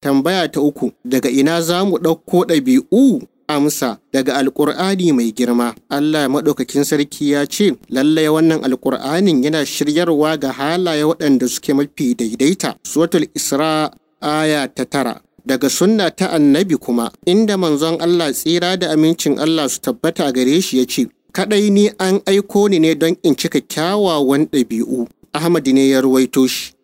Tambaya ta uku, daga ina za mu ɗauko ɗabi'u? Amsa, daga Alƙur'ani mai girma. Allah maɗaukakin sarki ya ce, lallai wannan Alƙur'anin yana shiryarwa ga halaye waɗanda suke mafi daidaita. Suratul Isra aya ta tara. daga sunna ta annabi kuma inda manzon Allah tsira da amincin Allah su tabbata gare shi ya ce kadai ni an aiko ni ne don in cika kyawawan ɗabi'u Ahmad ne ya ruwaito shi